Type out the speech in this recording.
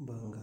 Banga.